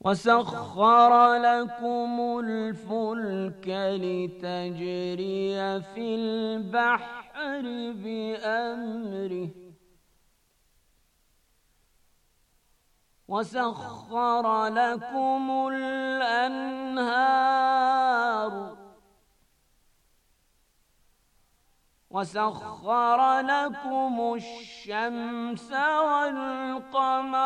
وسخر لكم الفلك لتجري في البحر بأمره وسخر لكم الأنهار وسخر لكم الشمس والقمر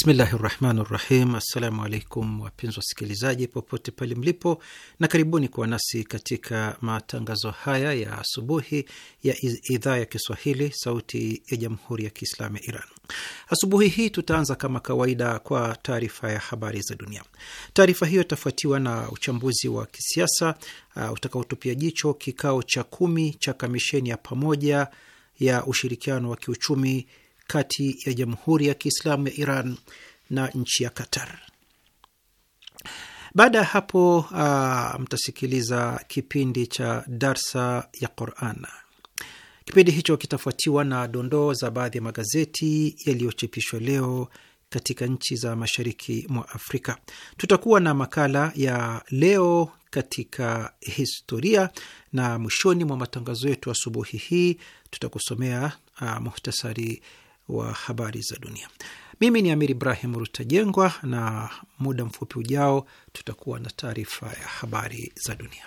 Bismillahi rahmani rahim. Assalamu alaikum wapenzi wasikilizaji popote pale mlipo, na karibuni kuwa nasi katika matangazo haya ya asubuhi ya idhaa ya Kiswahili sauti ya jamhuri ya Kiislamu ya Iran. Asubuhi hii tutaanza kama kawaida kwa taarifa ya habari za dunia. Taarifa hiyo itafuatiwa na uchambuzi wa kisiasa uh, utakaotupia jicho kikao cha kumi cha kamisheni ya pamoja ya ushirikiano wa kiuchumi kati ya Jamhuri ya Kiislamu ya Iran na nchi ya Qatar. Baada ya hapo uh, mtasikiliza kipindi cha darsa ya Quran. Kipindi hicho kitafuatiwa na dondoo za baadhi ya magazeti yaliyochapishwa leo katika nchi za mashariki mwa Afrika. Tutakuwa na makala ya leo katika historia, na mwishoni mwa matangazo yetu asubuhi hii tutakusomea uh, muhtasari wa habari za dunia. Mimi ni Amir Ibrahim Rutajengwa, na muda mfupi ujao tutakuwa na taarifa ya habari za dunia.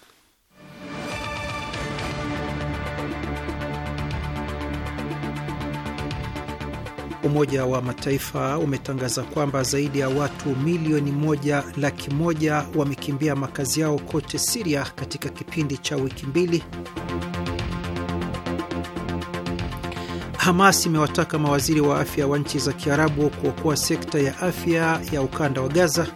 Umoja wa Mataifa umetangaza kwamba zaidi ya watu milioni moja laki moja wamekimbia makazi yao kote Siria katika kipindi cha wiki mbili. Hamas imewataka mawaziri wa afya wa nchi za Kiarabu kuokoa sekta ya afya ya ukanda wa Gaza.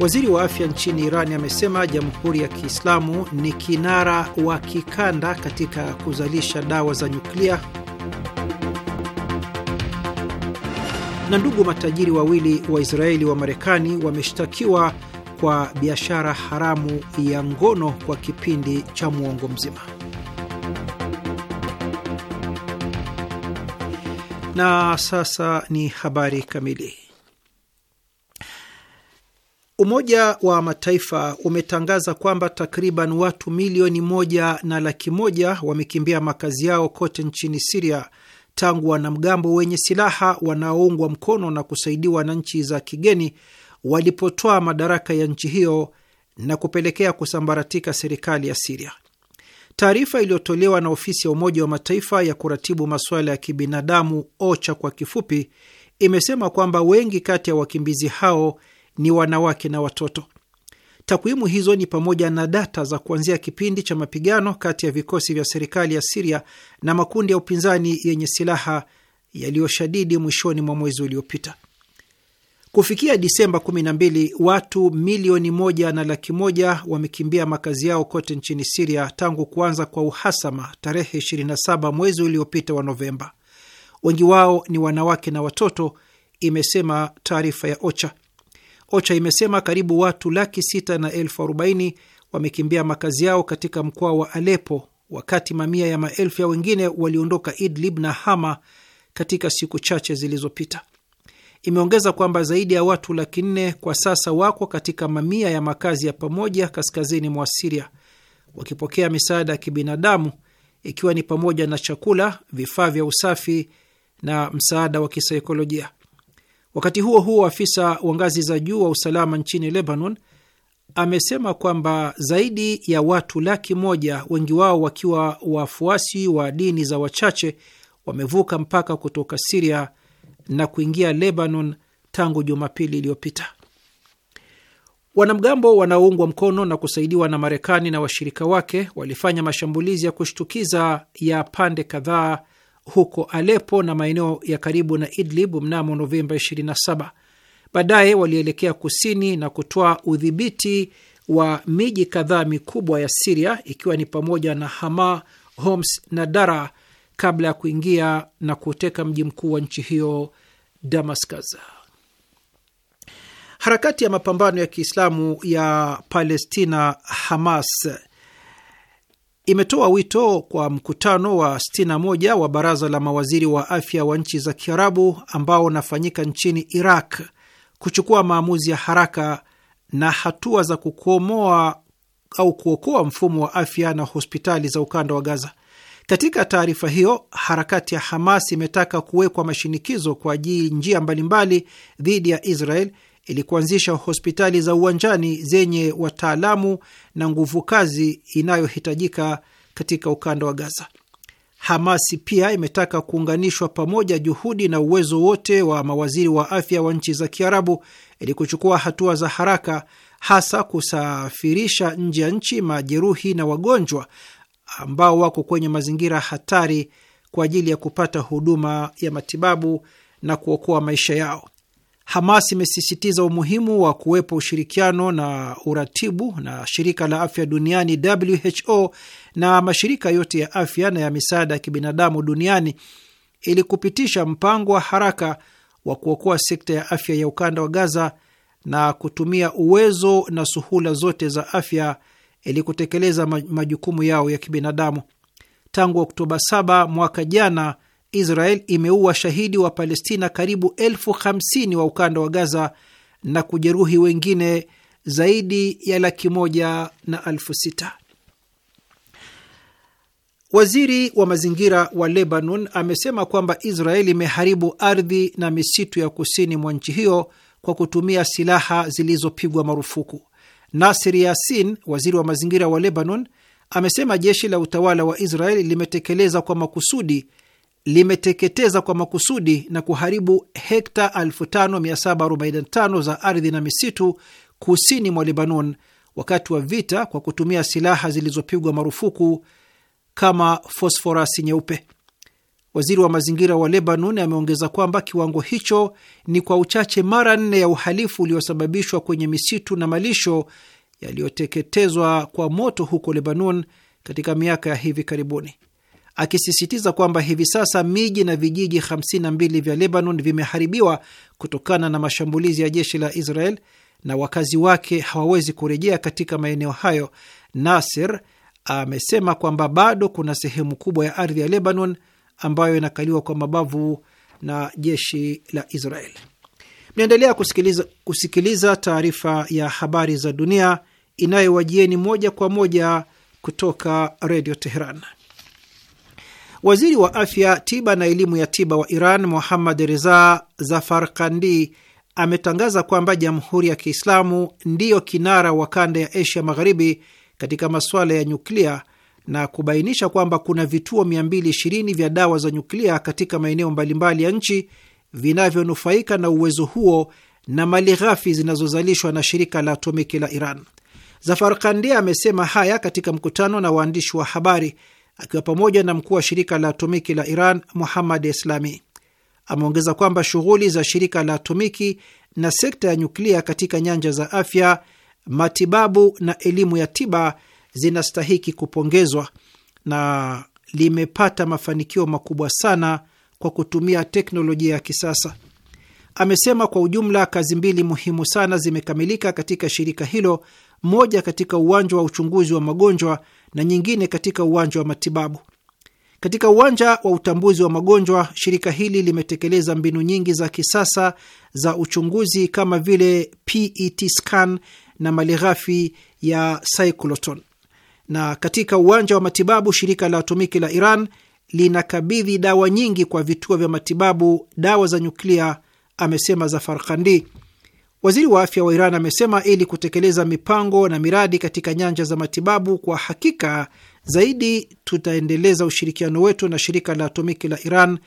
Waziri wa afya nchini Irani amesema Jamhuri ya Kiislamu ni kinara wa kikanda katika kuzalisha dawa za nyuklia. Na ndugu matajiri wawili wa Israeli wa Marekani wameshtakiwa kwa biashara haramu ya ngono kwa kipindi cha mwongo mzima. Na sasa ni habari kamili. Umoja wa Mataifa umetangaza kwamba takriban watu milioni moja na laki moja wamekimbia makazi yao kote nchini Siria tangu wanamgambo wenye silaha wanaoungwa mkono na kusaidiwa na nchi za kigeni walipotoa madaraka ya nchi hiyo na kupelekea kusambaratika serikali ya Siria. Taarifa iliyotolewa na ofisi ya Umoja wa Mataifa ya kuratibu masuala ya kibinadamu, OCHA kwa kifupi, imesema kwamba wengi kati ya wakimbizi hao ni wanawake na watoto. Takwimu hizo ni pamoja na data za kuanzia kipindi cha mapigano kati ya vikosi vya serikali ya Siria na makundi ya upinzani yenye silaha yaliyoshadidi mwishoni mwa mwezi uliopita. Kufikia Disemba 12 watu milioni moja na laki moja wamekimbia makazi yao kote nchini Siria tangu kuanza kwa uhasama tarehe 27 mwezi uliopita wa Novemba. Wengi wao ni wanawake na watoto, imesema taarifa ya OCHA. OCHA imesema karibu watu laki sita na elfu arobaini wamekimbia makazi yao katika mkoa wa Alepo, wakati mamia ya maelfu ya wengine waliondoka Idlib na Hama katika siku chache zilizopita. Imeongeza kwamba zaidi ya watu laki nne kwa sasa wako katika mamia ya makazi ya pamoja kaskazini mwa Siria wakipokea misaada ya kibinadamu ikiwa ni pamoja na chakula, vifaa vya usafi na msaada wa kisaikolojia. Wakati huo huo, afisa wa ngazi za juu wa usalama nchini Lebanon amesema kwamba zaidi ya watu laki moja, wengi wao wakiwa wafuasi wa dini za wachache, wamevuka mpaka kutoka Siria na kuingia Lebanon tangu Jumapili iliyopita. Wanamgambo wanaoungwa mkono na kusaidiwa na Marekani na washirika wake walifanya mashambulizi ya kushtukiza ya pande kadhaa huko Alepo na maeneo ya karibu na Idlib mnamo Novemba 27. Baadaye walielekea kusini na kutoa udhibiti wa miji kadhaa mikubwa ya Siria ikiwa ni pamoja na Hama, Homs na Dara kabla ya kuingia na kuteka mji mkuu wa nchi hiyo Damascus. Harakati ya mapambano ya Kiislamu ya Palestina Hamas imetoa wito kwa mkutano wa 61 wa baraza la mawaziri wa afya wa nchi za Kiarabu ambao unafanyika nchini Iraq kuchukua maamuzi ya haraka na hatua za kukomoa au kuokoa mfumo wa afya na hospitali za ukanda wa Gaza. Katika taarifa hiyo, harakati ya Hamas imetaka kuwekwa mashinikizo kwa ajili njia mbalimbali dhidi ya Israel ili kuanzisha hospitali za uwanjani zenye wataalamu na nguvu kazi inayohitajika katika ukanda wa Gaza. Hamasi pia imetaka kuunganishwa pamoja juhudi na uwezo wote wa mawaziri wa afya wa nchi za Kiarabu ili kuchukua hatua za haraka, hasa kusafirisha nje ya nchi majeruhi na wagonjwa ambao wako kwenye mazingira hatari kwa ajili ya kupata huduma ya matibabu na kuokoa maisha yao. Hamas imesisitiza umuhimu wa kuwepo ushirikiano na uratibu na shirika la afya duniani WHO na mashirika yote ya afya na ya misaada ya kibinadamu duniani ili kupitisha mpango wa haraka wa kuokoa sekta ya afya ya ukanda wa Gaza na kutumia uwezo na suhula zote za afya ili kutekeleza majukumu yao ya kibinadamu. Tangu Oktoba 7 mwaka jana Israel imeua shahidi wa Palestina karibu elfu hamsini wa ukanda wa Gaza na kujeruhi wengine zaidi ya laki moja na elfu sita. Waziri wa mazingira wa Lebanon amesema kwamba Israel imeharibu ardhi na misitu ya kusini mwa nchi hiyo kwa kutumia silaha zilizopigwa marufuku. Nasir Yasin, waziri wa mazingira wa Lebanon, amesema jeshi la utawala wa Israel limetekeleza kwa makusudi limeteketeza kwa makusudi na kuharibu hekta 5745 za ardhi na misitu kusini mwa Lebanon wakati wa vita kwa kutumia silaha zilizopigwa marufuku kama fosforasi nyeupe. Waziri wa mazingira wa Lebanon ameongeza kwamba kiwango hicho ni kwa uchache mara nne ya uhalifu uliosababishwa kwenye misitu na malisho yaliyoteketezwa kwa moto huko Lebanon katika miaka ya hivi karibuni akisisitiza kwamba hivi sasa miji na vijiji 52 vya Lebanon vimeharibiwa kutokana na mashambulizi ya jeshi la Israel na wakazi wake hawawezi kurejea katika maeneo hayo. Nasir amesema kwamba bado kuna sehemu kubwa ya ardhi ya Lebanon ambayo inakaliwa kwa mabavu na jeshi la Israel. Mnaendelea kusikiliza, kusikiliza taarifa ya habari za dunia inayowajieni moja kwa moja kutoka Redio Teheran. Waziri wa afya, tiba na elimu ya tiba wa Iran, Muhammad Reza Zafarkandi, ametangaza kwamba Jamhuri ya Kiislamu ndiyo kinara wa kanda ya Asia Magharibi katika masuala ya nyuklia na kubainisha kwamba kuna vituo 220 vya dawa za nyuklia katika maeneo mbalimbali ya nchi vinavyonufaika na uwezo huo na mali ghafi zinazozalishwa na shirika la atomiki la Iran. Zafar Kandi amesema haya katika mkutano na waandishi wa habari akiwa pamoja na mkuu wa shirika la atomiki la Iran Muhammad Islami. Ameongeza kwamba shughuli za shirika la atomiki na sekta ya nyuklia katika nyanja za afya, matibabu na elimu ya tiba zinastahiki kupongezwa na limepata mafanikio makubwa sana kwa kutumia teknolojia ya kisasa. Amesema kwa ujumla kazi mbili muhimu sana zimekamilika katika shirika hilo, moja katika uwanja wa uchunguzi wa magonjwa na nyingine katika uwanja wa matibabu. Katika uwanja wa utambuzi wa magonjwa, shirika hili limetekeleza mbinu nyingi za kisasa za uchunguzi kama vile PET scan na malighafi ya cyclotron. Na katika uwanja wa matibabu, shirika la atomiki la Iran linakabidhi dawa nyingi kwa vituo vya matibabu, dawa za nyuklia, amesema Zafarkandi. Waziri wa afya wa Iran amesema ili kutekeleza mipango na miradi katika nyanja za matibabu, kwa hakika zaidi tutaendeleza ushirikiano wetu na shirika la atomiki la Iran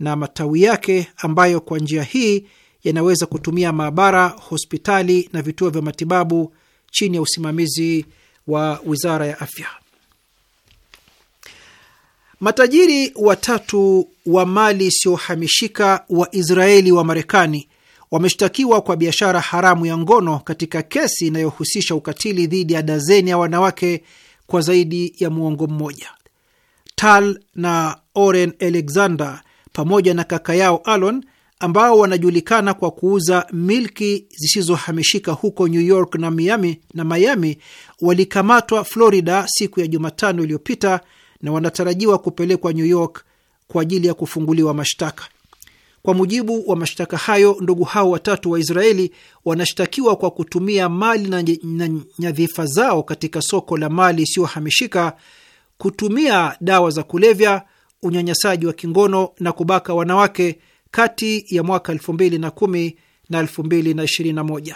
na matawi yake ambayo kwa njia hii yanaweza kutumia maabara, hospitali na vituo vya matibabu chini ya usimamizi wa wizara ya afya. Matajiri watatu wa mali isiyohamishika wa Israeli wa Marekani wameshtakiwa kwa biashara haramu ya ngono katika kesi inayohusisha ukatili dhidi ya dazeni ya wanawake kwa zaidi ya muongo mmoja. Tal na Oren Alexander pamoja na kaka yao Alon ambao wanajulikana kwa kuuza milki zisizohamishika huko New York na Miami, na Miami walikamatwa Florida siku ya Jumatano iliyopita na wanatarajiwa kupelekwa New York kwa ajili ya kufunguliwa mashtaka. Kwa mujibu wa mashtaka hayo, ndugu hao watatu wa Israeli wanashtakiwa kwa kutumia mali na, nyadhifa zao katika soko la mali isiyohamishika, kutumia dawa za kulevya, unyanyasaji wa kingono na kubaka wanawake kati ya mwaka 2010 na 2021.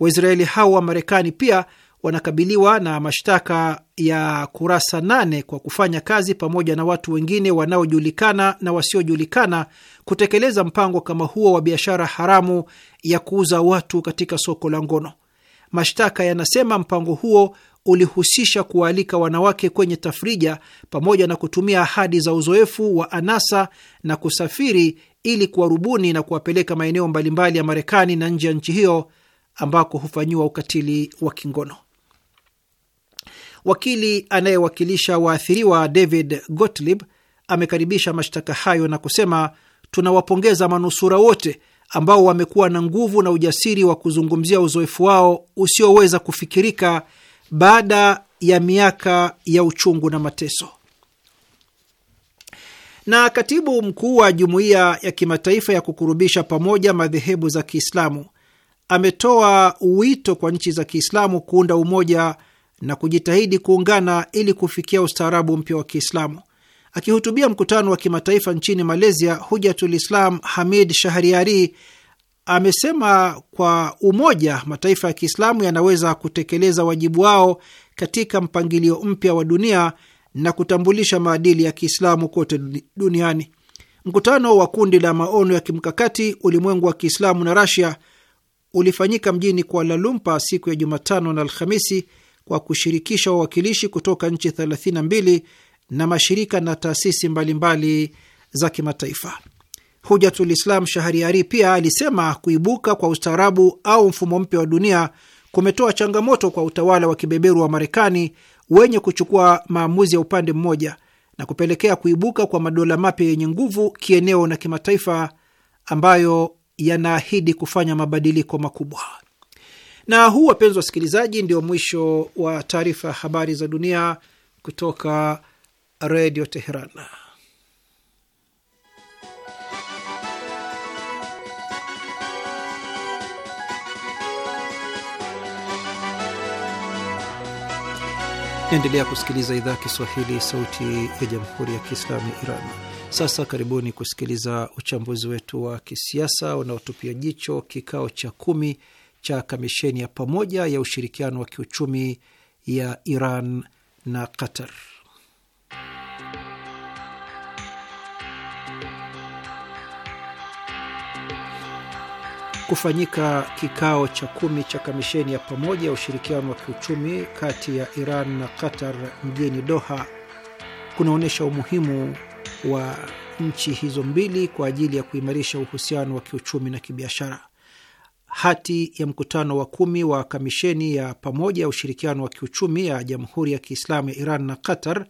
Waisraeli hao wa Marekani pia wanakabiliwa na mashtaka ya kurasa nane kwa kufanya kazi pamoja na watu wengine wanaojulikana na wasiojulikana kutekeleza mpango kama huo wa biashara haramu ya kuuza watu katika soko la ngono. Mashtaka yanasema mpango huo ulihusisha kuwaalika wanawake kwenye tafrija pamoja na kutumia ahadi za uzoefu wa anasa na kusafiri ili kuwarubuni na kuwapeleka maeneo mbalimbali ya Marekani na nje ya nchi hiyo ambako hufanyiwa ukatili wa kingono. Wakili anayewakilisha waathiriwa David Gottlieb amekaribisha mashtaka hayo na kusema, tunawapongeza manusura wote ambao wamekuwa na nguvu na ujasiri wa kuzungumzia uzoefu wao usioweza kufikirika baada ya miaka ya uchungu na mateso. Na katibu mkuu wa jumuiya ya kimataifa ya kukurubisha pamoja madhehebu za Kiislamu ametoa wito kwa nchi za Kiislamu kuunda umoja na kujitahidi kuungana ili kufikia ustaarabu mpya wa Kiislamu. Akihutubia mkutano wa kimataifa nchini Malaysia, Hujatul Islam Hamid Shahriari amesema kwa umoja mataifa ya Kiislamu yanaweza kutekeleza wajibu wao katika mpangilio mpya wa dunia na kutambulisha maadili ya Kiislamu kote duniani. Mkutano wa kundi la maono ya kimkakati ulimwengu wa Kiislamu na Rasia ulifanyika mjini Kuala Lumpur siku ya Jumatano na Alhamisi kwa kushirikisha wawakilishi kutoka nchi 32 na mashirika na taasisi mbalimbali za kimataifa. Hujatul Islam Shahariari pia alisema kuibuka kwa ustaarabu au mfumo mpya wa dunia kumetoa changamoto kwa utawala wa kibeberu wa Marekani wenye kuchukua maamuzi ya upande mmoja na kupelekea kuibuka kwa madola mapya yenye nguvu kieneo na kimataifa ambayo yanaahidi kufanya mabadiliko makubwa. Na huu, wapenzi wasikilizaji, ndio mwisho wa taarifa ya habari za dunia kutoka Redio Teheran. Naendelea kusikiliza idhaa Kiswahili, sauti ya jamhuri ya kiislamu ya Iran. Sasa karibuni kusikiliza uchambuzi wetu wa kisiasa unaotupia jicho kikao cha kumi cha kamisheni ya pamoja ya ushirikiano wa kiuchumi ya Iran na Qatar. Kufanyika kikao cha kumi cha kamisheni ya pamoja ya ushirikiano wa kiuchumi kati ya Iran na Qatar mjini Doha kunaonyesha umuhimu wa nchi hizo mbili kwa ajili ya kuimarisha uhusiano wa kiuchumi na kibiashara hati ya mkutano wa kumi wa kamisheni ya pamoja ya ushirikiano wa kiuchumi ya Jamhuri ya Kiislamu ya Iran na Qatar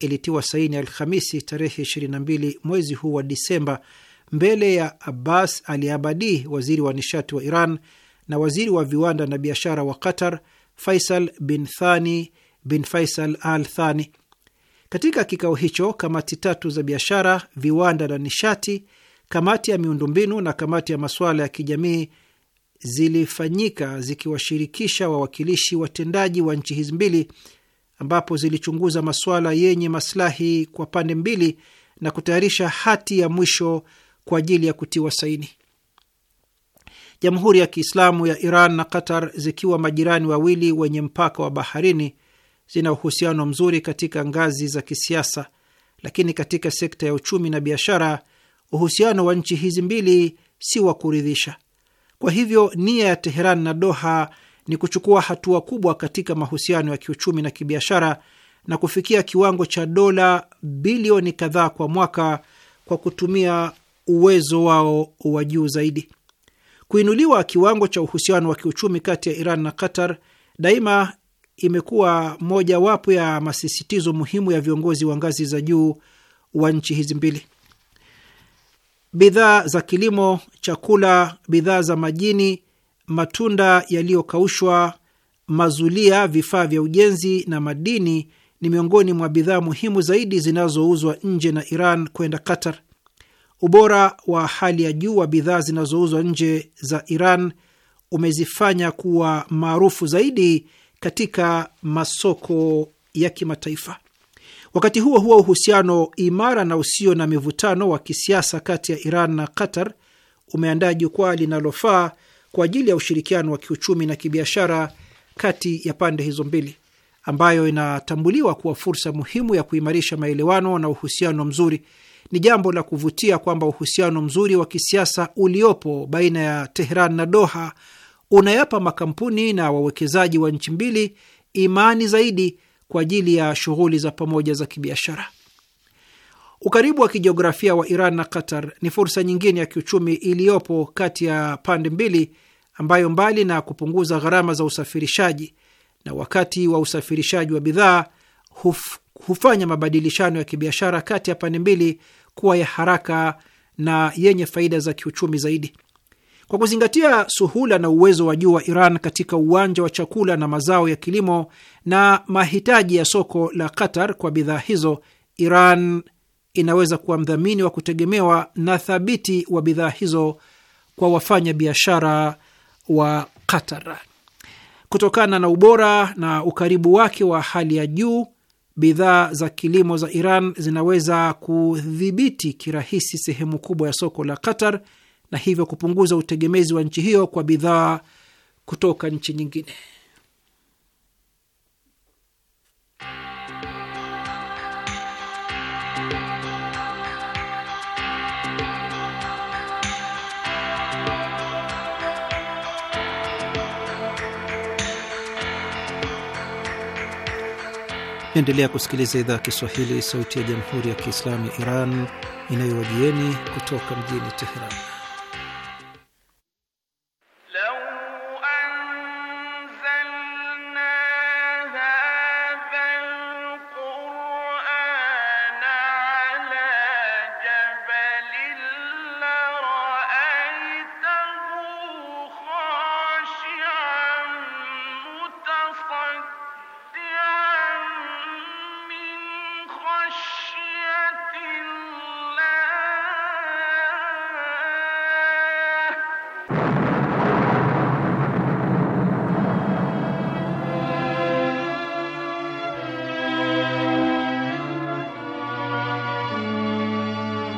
ilitiwa saini Alhamisi tarehe 22 mwezi huu wa Disemba mbele ya Abbas Ali Abadi, waziri wa nishati wa Iran na waziri wa viwanda na biashara wa Qatar, Faisal bin Thani bin Faisal Al Thani. Katika kikao hicho, kamati tatu za biashara, viwanda na nishati, kamati ya miundombinu na kamati ya masuala ya kijamii zilifanyika zikiwashirikisha wawakilishi watendaji wa nchi hizi mbili, ambapo zilichunguza masuala yenye masilahi kwa pande mbili na kutayarisha hati ya mwisho kwa ajili ya kutiwa saini. Jamhuri ya Kiislamu ya Iran na Qatar, zikiwa majirani wawili wenye mpaka wa baharini, zina uhusiano mzuri katika ngazi za kisiasa, lakini katika sekta ya uchumi na biashara, uhusiano wa nchi hizi mbili si wa kuridhisha. Kwa hivyo nia ya Teheran na Doha ni kuchukua hatua kubwa katika mahusiano ya kiuchumi na kibiashara na kufikia kiwango cha dola bilioni kadhaa kwa mwaka kwa kutumia uwezo wao wa juu zaidi. Kuinuliwa kiwango cha uhusiano wa kiuchumi kati ya Iran na Qatar daima imekuwa mojawapo ya masisitizo muhimu ya viongozi wa ngazi za juu wa nchi hizi mbili bidhaa za kilimo, chakula, bidhaa za majini, matunda yaliyokaushwa, mazulia, vifaa vya ujenzi na madini ni miongoni mwa bidhaa muhimu zaidi zinazouzwa nje na Iran kwenda Qatar. Ubora wa hali ya juu wa bidhaa zinazouzwa nje za Iran umezifanya kuwa maarufu zaidi katika masoko ya kimataifa. Wakati huo huo, uhusiano imara na usio na mivutano wa kisiasa kati ya Iran na Qatar umeandaa jukwaa linalofaa kwa ajili ya ushirikiano wa kiuchumi na kibiashara kati ya pande hizo mbili, ambayo inatambuliwa kuwa fursa muhimu ya kuimarisha maelewano na uhusiano mzuri. Ni jambo la kuvutia kwamba uhusiano mzuri wa kisiasa uliopo baina ya Tehran na Doha unayapa makampuni na wawekezaji wa nchi mbili imani zaidi kwa ajili ya shughuli za pamoja za kibiashara. Ukaribu wa kijiografia wa Iran na Qatar ni fursa nyingine ya kiuchumi iliyopo kati ya pande mbili, ambayo mbali na kupunguza gharama za usafirishaji na wakati wa usafirishaji wa bidhaa huf, hufanya mabadilishano ya kibiashara kati ya pande mbili kuwa ya haraka na yenye faida za kiuchumi zaidi. Kwa kuzingatia suhula na uwezo wa juu wa Iran katika uwanja wa chakula na mazao ya kilimo na mahitaji ya soko la Qatar kwa bidhaa hizo, Iran inaweza kuwa mdhamini wa kutegemewa na thabiti wa bidhaa hizo kwa wafanya biashara wa Qatar. Kutokana na ubora na ukaribu wake wa hali ya juu, bidhaa za kilimo za Iran zinaweza kudhibiti kirahisi sehemu kubwa ya soko la Qatar na hivyo kupunguza utegemezi wa nchi hiyo kwa bidhaa kutoka nchi nyingine. Naendelea kusikiliza idhaa ya Kiswahili, sauti ya jamhuri ya kiislamu ya Iran inayowajieni kutoka mjini Teheran.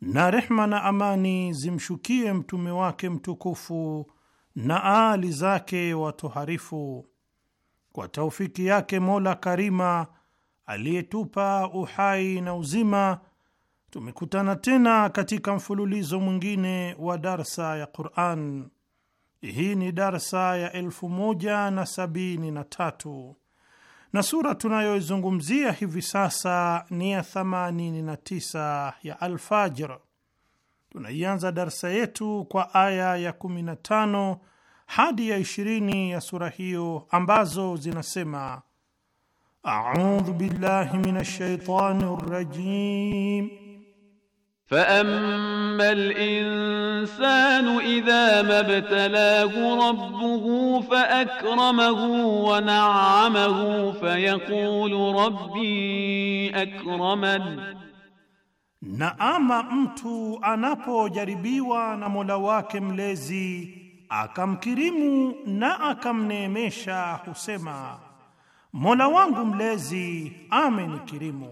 na rehma na amani zimshukie mtume wake mtukufu na aali zake watoharifu. Kwa taufiki yake Mola Karima aliyetupa uhai na uzima, tumekutana tena katika mfululizo mwingine wa darsa ya Quran. Hii ni darsa ya elfu moja na sabini na tatu na sura tunayoizungumzia hivi sasa ni ya 89 ya Alfajr. Tunaianza darsa yetu kwa aya ya 15 hadi ya 20 ya sura hiyo ambazo zinasema: audhu billahi minash shaitani rajim فأما الإنسان إذا ما ابتلاه ربه فأكرمه ونعمه فيقول ربي أكرمن na ama mtu anapojaribiwa na Mola wake mlezi akamkirimu na akamneemesha husema Mola wangu mlezi amenikirimu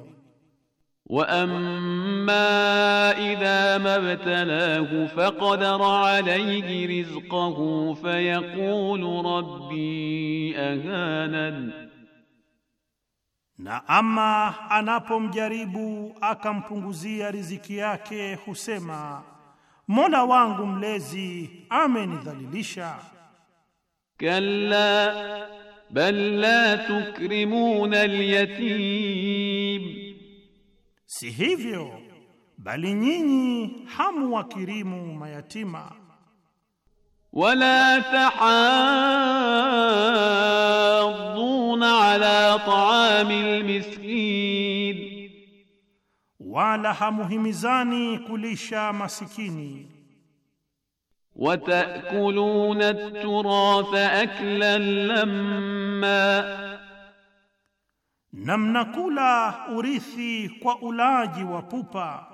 واما اذا ما ابتلاه فقدر عليه رزقه فيقول ربي اهانن na ama anapomjaribu akampunguzia riziki yake husema mola wangu mlezi amenidhalilisha kalla bal la tukrimuna alyatim Si hivyo bali nyinyi hamu hamwakirimu mayatima. Wala tahadduna ala taamil miskin, wala hamuhimizani kulisha masikini. Watakuluna at-turatha aklan lamma na mnakula urithi kwa ulaji wa pupa.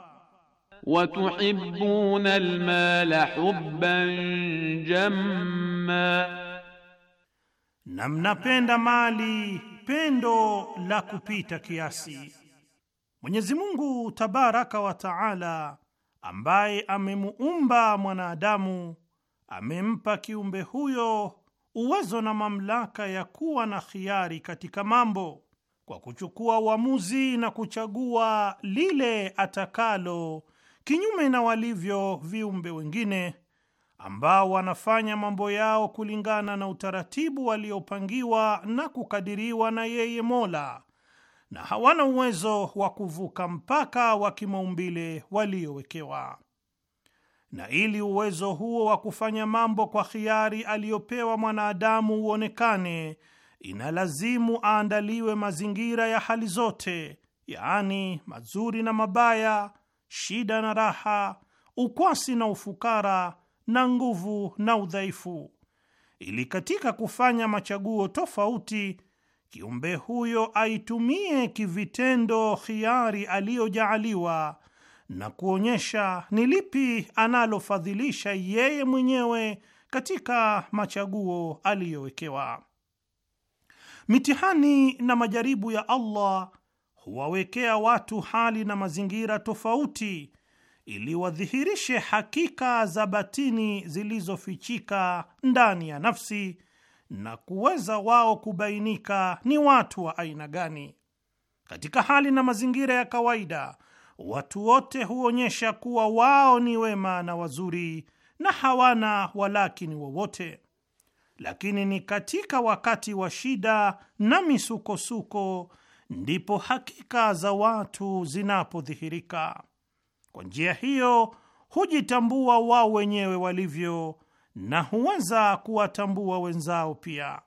tuhibbuna almal hubban jamma, na mnapenda mali pendo la kupita kiasi. Mwenyezi Mungu tabaraka wa taala, ambaye amemuumba mwanadamu, amempa kiumbe huyo uwezo na mamlaka ya kuwa na khiari katika mambo kwa kuchukua uamuzi na kuchagua lile atakalo, kinyume na walivyo viumbe wengine ambao wanafanya mambo yao kulingana na utaratibu waliopangiwa na kukadiriwa na yeye Mola, na hawana uwezo wa kuvuka mpaka wa kimaumbile waliowekewa. Na ili uwezo huo wa kufanya mambo kwa khiari aliyopewa mwanadamu uonekane inalazimu aandaliwe mazingira ya hali zote, yaani mazuri na mabaya, shida na raha, ukwasi na ufukara, na nguvu na udhaifu, ili katika kufanya machaguo tofauti kiumbe huyo aitumie kivitendo khiari aliyojaaliwa na kuonyesha ni lipi analofadhilisha yeye mwenyewe katika machaguo aliyowekewa. Mitihani na majaribu ya Allah huwawekea watu hali na mazingira tofauti ili wadhihirishe hakika za batini zilizofichika ndani ya nafsi na kuweza wao kubainika ni watu wa aina gani. Katika hali na mazingira ya kawaida, watu wote huonyesha kuwa wao ni wema na wazuri na hawana walakini wowote lakini ni katika wakati wa shida na misukosuko ndipo hakika za watu zinapodhihirika. Kwa njia hiyo hujitambua wao wenyewe walivyo na huweza kuwatambua wenzao pia,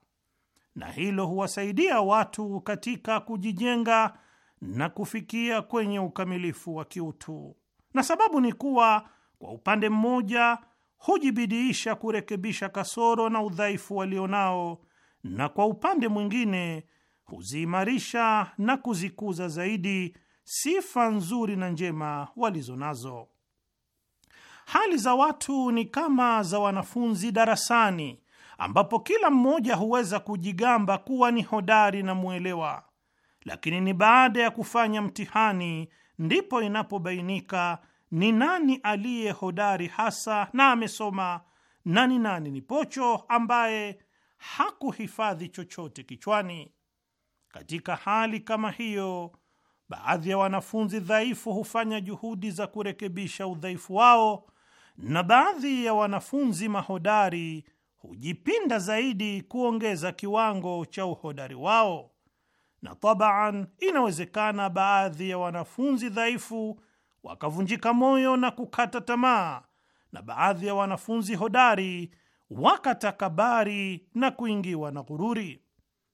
na hilo huwasaidia watu katika kujijenga na kufikia kwenye ukamilifu wa kiutu. Na sababu ni kuwa, kwa upande mmoja, hujibidiisha kurekebisha kasoro na udhaifu walionao, na kwa upande mwingine huziimarisha na kuzikuza zaidi sifa nzuri na njema walizo nazo. Hali za watu ni kama za wanafunzi darasani, ambapo kila mmoja huweza kujigamba kuwa ni hodari na mwelewa, lakini ni baada ya kufanya mtihani ndipo inapobainika ni nani aliye hodari hasa na amesoma, na ni nani ni pocho ambaye hakuhifadhi chochote kichwani. Katika hali kama hiyo, baadhi ya wanafunzi dhaifu hufanya juhudi za kurekebisha udhaifu wao, na baadhi ya wanafunzi mahodari hujipinda zaidi kuongeza kiwango cha uhodari wao, na tabaan, inawezekana baadhi ya wanafunzi dhaifu wakavunjika moyo na kukata tamaa, na baadhi ya wanafunzi hodari wakatakabari na kuingiwa na ghururi.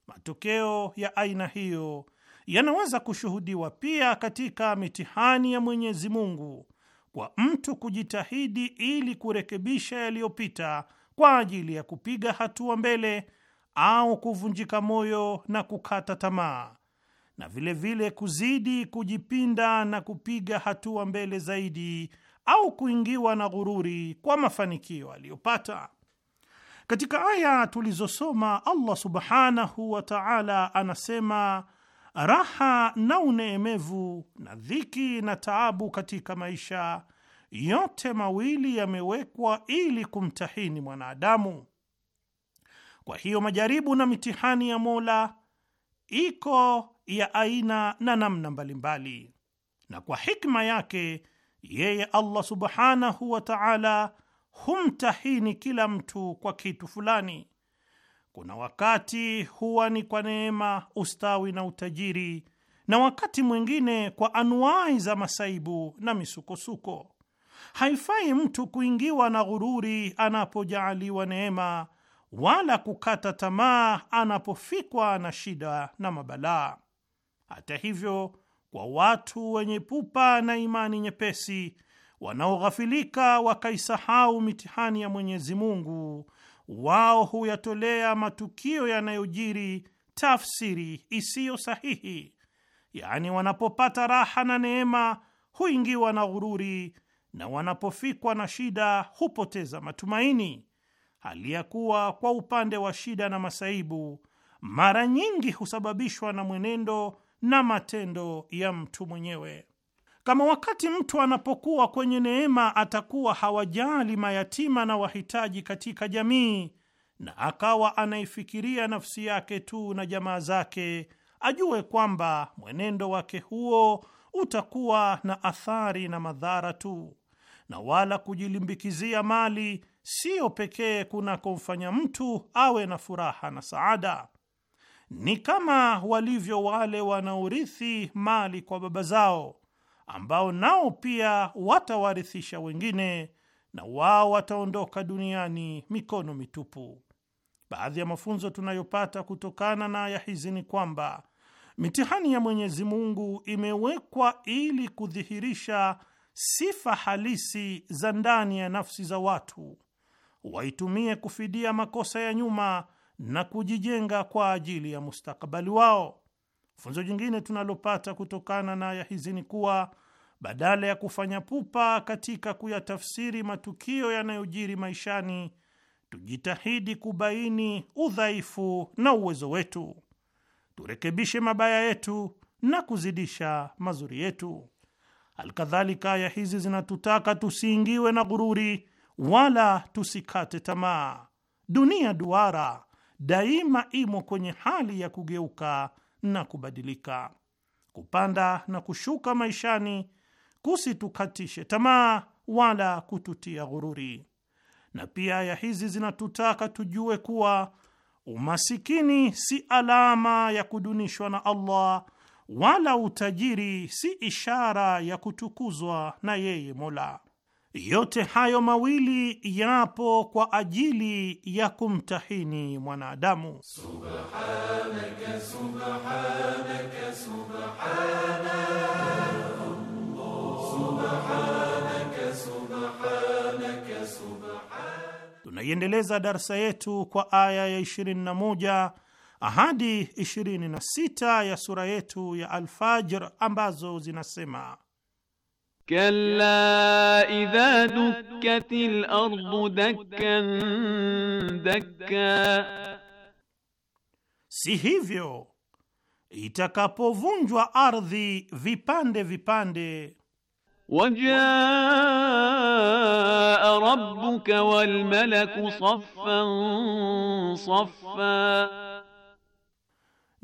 Matokeo ya aina hiyo yanaweza kushuhudiwa pia katika mitihani ya Mwenyezi Mungu kwa mtu kujitahidi ili kurekebisha yaliyopita kwa ajili ya kupiga hatua mbele au kuvunjika moyo na kukata tamaa na vilevile vile kuzidi kujipinda na kupiga hatua mbele zaidi au kuingiwa na ghururi kwa mafanikio aliyopata. Katika aya tulizosoma, Allah subhanahu wa ta'ala anasema raha na uneemevu na dhiki na taabu katika maisha yote mawili yamewekwa ili kumtahini mwanadamu. Kwa hiyo majaribu na mitihani ya Mola iko ya aina na namna mbalimbali, na kwa hikma yake yeye Allah subhanahu wa ta'ala humtahini kila mtu kwa kitu fulani. Kuna wakati huwa ni kwa neema, ustawi na utajiri, na wakati mwingine kwa anuwai za masaibu na misukosuko. Haifai mtu kuingiwa na ghururi anapojaaliwa neema, wala kukata tamaa anapofikwa na shida na mabalaa. Hata hivyo, kwa watu wenye pupa na imani nyepesi wanaoghafilika wakaisahau mitihani ya Mwenyezi Mungu, wao huyatolea matukio yanayojiri tafsiri isiyo sahihi, yaani wanapopata raha na neema huingiwa na ghururi na wanapofikwa na shida hupoteza matumaini, hali ya kuwa kwa upande wa shida na masaibu mara nyingi husababishwa na mwenendo na matendo ya mtu mwenyewe. Kama wakati mtu anapokuwa kwenye neema atakuwa hawajali mayatima na wahitaji katika jamii, na akawa anaifikiria nafsi yake tu na jamaa zake, ajue kwamba mwenendo wake huo utakuwa na athari na madhara tu, na wala kujilimbikizia mali siyo pekee kunakomfanya mtu awe na furaha na saada ni kama walivyo wale wanaorithi mali kwa baba zao, ambao nao pia watawarithisha wengine, na wao wataondoka duniani mikono mitupu. Baadhi ya mafunzo tunayopata kutokana na aya hizi ni kwamba mitihani ya Mwenyezi Mungu imewekwa ili kudhihirisha sifa halisi za ndani ya nafsi za watu, waitumie kufidia makosa ya nyuma na kujijenga kwa ajili ya mustakabali wao. Funzo jingine tunalopata kutokana na aya hizi ni kuwa badala ya kufanya pupa katika kuyatafsiri matukio yanayojiri maishani, tujitahidi kubaini udhaifu na uwezo wetu, turekebishe mabaya yetu na kuzidisha mazuri yetu. Alkadhalika, aya hizi zinatutaka tusiingiwe na ghururi wala tusikate tamaa. Dunia duara daima imo kwenye hali ya kugeuka na kubadilika. Kupanda na kushuka maishani kusitukatishe tamaa wala kututia ghururi. Na pia aya hizi zinatutaka tujue kuwa umasikini si alama ya kudunishwa na Allah wala utajiri si ishara ya kutukuzwa na yeye Mola. Yote hayo mawili yapo kwa ajili ya kumtahini mwanadamu. Subhanaka, subhanaka, subhanaka. Tunaiendeleza darsa yetu kwa aya ya 21 hadi 26 ya sura yetu ya Alfajr ambazo zinasema Kalla idha dukkatil ardu dakkan dakka, si hivyo itakapovunjwa ardhi vipande vipande. Wajaa rabbuka walmalaku saffan saffa,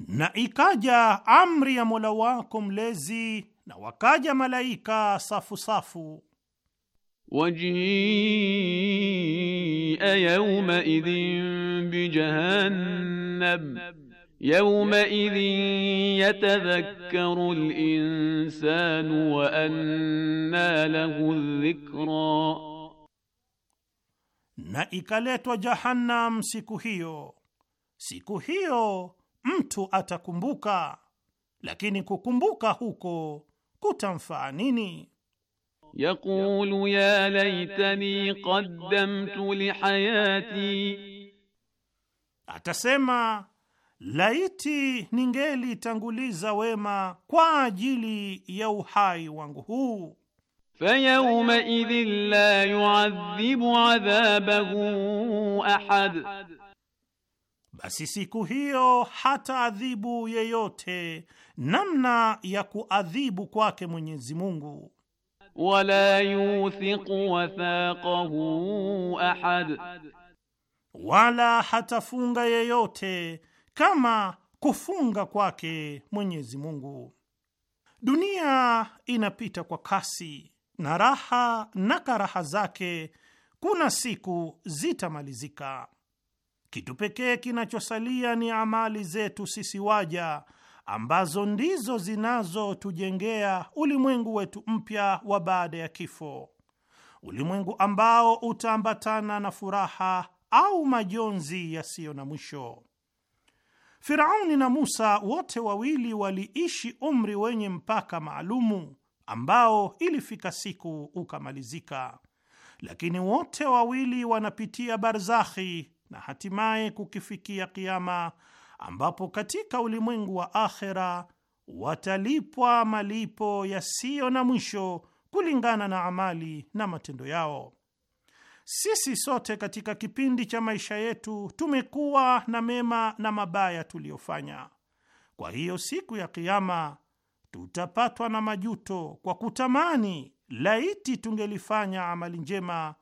na ikaja amri ya Mola wako mlezi na wakaja malaika safu safu. Wajia yawma idhin bi jahannam yawma idhin yatadhakkaru al wa anna lahu dhikra, na ikaletwa Jahannam siku hiyo, siku hiyo mtu atakumbuka, lakini kukumbuka huko kutamfaa nini? Yaqulu ya laitani qaddamtu lihayati, atasema laiti ningelitanguliza wema kwa ajili ya uhai wangu huu. yawma idhin la yuadhibu adhabahu ahad basi siku hiyo hataadhibu yeyote namna ya kuadhibu kwake Mwenyezi Mungu. Wala yuthiqu wathaqahu ahad, wala hatafunga yeyote kama kufunga kwake Mwenyezi Mungu. Dunia inapita kwa kasi na raha na karaha zake kuna siku zitamalizika. Kitu pekee kinachosalia ni amali zetu sisi waja, ambazo ndizo zinazotujengea ulimwengu wetu mpya wa baada ya kifo, ulimwengu ambao utaambatana na furaha au majonzi yasiyo na mwisho. Firauni na Musa wote wawili waliishi umri wenye mpaka maalumu ambao ilifika siku ukamalizika, lakini wote wawili wanapitia barzakhi na hatimaye kukifikia kiama ambapo katika ulimwengu wa akhera watalipwa malipo yasiyo na mwisho kulingana na amali na matendo yao. Sisi sote katika kipindi cha maisha yetu tumekuwa na mema na mabaya tuliyofanya. Kwa hiyo siku ya kiama tutapatwa na majuto kwa kutamani laiti tungelifanya amali njema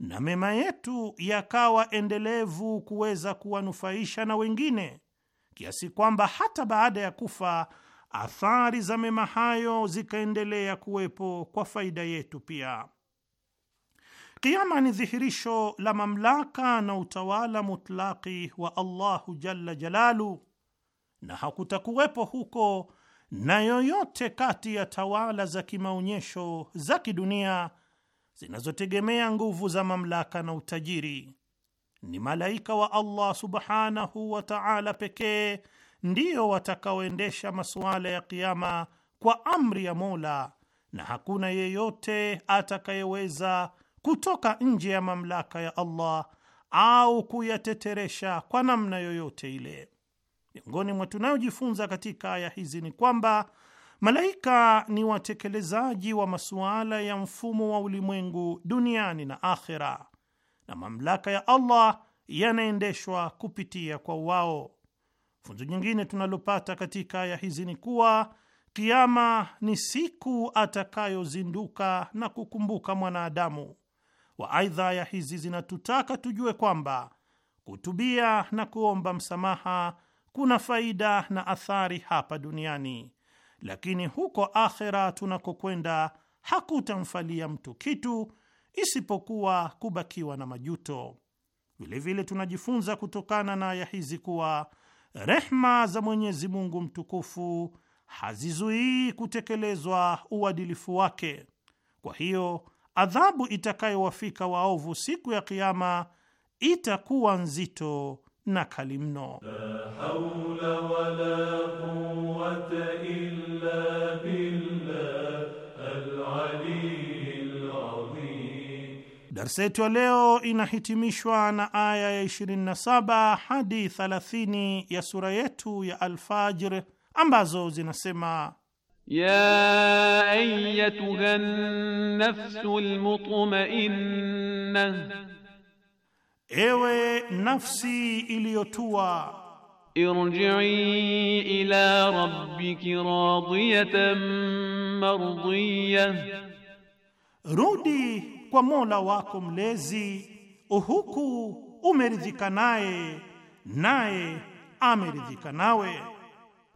na mema yetu yakawa endelevu kuweza kuwanufaisha na wengine, kiasi kwamba hata baada ya kufa athari za mema hayo zikaendelea kuwepo kwa faida yetu pia. Kiama ni dhihirisho la mamlaka na utawala mutlaki wa Allahu jalla jalalu, na hakutakuwepo huko na yoyote kati ya tawala za kimaonyesho za kidunia zinazotegemea nguvu za mamlaka na utajiri. Ni malaika wa Allah subhanahu wa ta'ala pekee ndiyo watakaoendesha masuala ya kiama kwa amri ya Mola, na hakuna yeyote atakayeweza kutoka nje ya mamlaka ya Allah au kuyateteresha kwa namna yoyote ile. Miongoni mwa tunayojifunza katika aya hizi ni kwamba Malaika ni watekelezaji wa masuala ya mfumo wa ulimwengu duniani na akhera, na mamlaka ya Allah yanaendeshwa kupitia kwa wao. Funzo nyingine tunalopata katika aya hizi ni kuwa kiama ni siku atakayozinduka na kukumbuka mwanadamu wa. Aidha, aya hizi zinatutaka tujue kwamba kutubia na kuomba msamaha kuna faida na athari hapa duniani lakini huko akhera tunakokwenda hakutamfalia mtu kitu isipokuwa kubakiwa na majuto. Vilevile vile tunajifunza kutokana na aya hizi kuwa rehma za Mwenyezi Mungu mtukufu hazizuii kutekelezwa uadilifu wake. Kwa hiyo adhabu itakayowafika waovu siku ya Kiama itakuwa nzito na kali mno. Darsa yetu ya leo inahitimishwa na aya ya 27 hadi 30 ya sura yetu ya Alfajr ambazo zinasema: ya ayyatuha nafsul mutmainna Ewe nafsi iliyotua, irji'i ila rabbiki radiyatan mardiya, rudi kwa Mola wako mlezi huku umeridhika naye naye ameridhika nawe.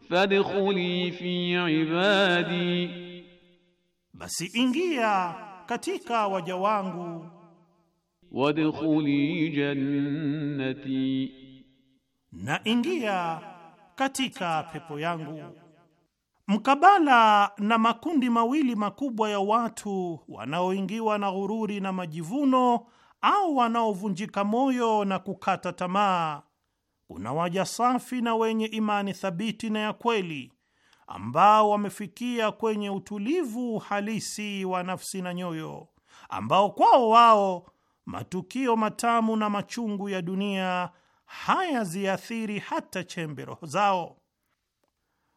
Fadkhuli fi ibadi, basi ingia katika waja wangu wadkhuli jannati, na ingia katika pepo yangu. Mkabala na makundi mawili makubwa ya watu wanaoingiwa na ghururi na majivuno au wanaovunjika moyo na kukata tamaa, kuna waja safi na wenye imani thabiti na ya kweli ambao wamefikia kwenye utulivu halisi wa nafsi na nyoyo, ambao kwao wao matukio matamu na machungu ya dunia hayaziathiri hata chembe roho zao.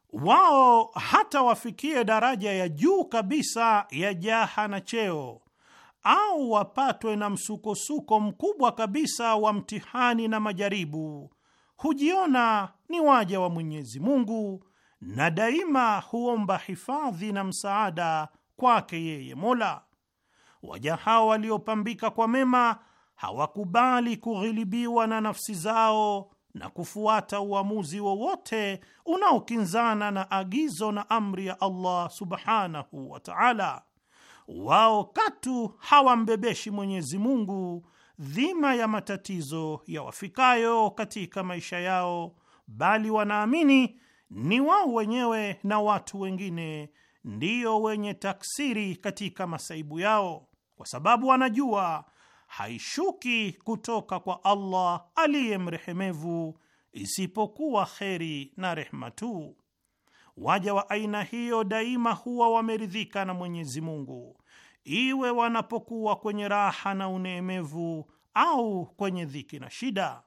Wao hata wafikie daraja ya juu kabisa ya jaha na cheo, au wapatwe na msukosuko mkubwa kabisa wa mtihani na majaribu, hujiona ni waja wa Mwenyezi Mungu na daima huomba hifadhi na msaada kwake yeye Mola waja hao waliopambika kwa mema hawakubali kughilibiwa na nafsi zao na kufuata uamuzi wowote unaokinzana na agizo na amri ya Allah subhanahu wa ta'ala. Wao katu hawambebeshi Mwenyezi Mungu dhima ya matatizo yawafikayo katika maisha yao, bali wanaamini ni wao wenyewe na watu wengine ndiyo wenye taksiri katika masaibu yao kwa sababu wanajua haishuki kutoka kwa Allah aliye mrehemevu isipokuwa kheri na rehma tu. Waja wa aina hiyo daima huwa wameridhika na Mwenyezi Mungu, iwe wanapokuwa kwenye raha na uneemevu au kwenye dhiki na shida.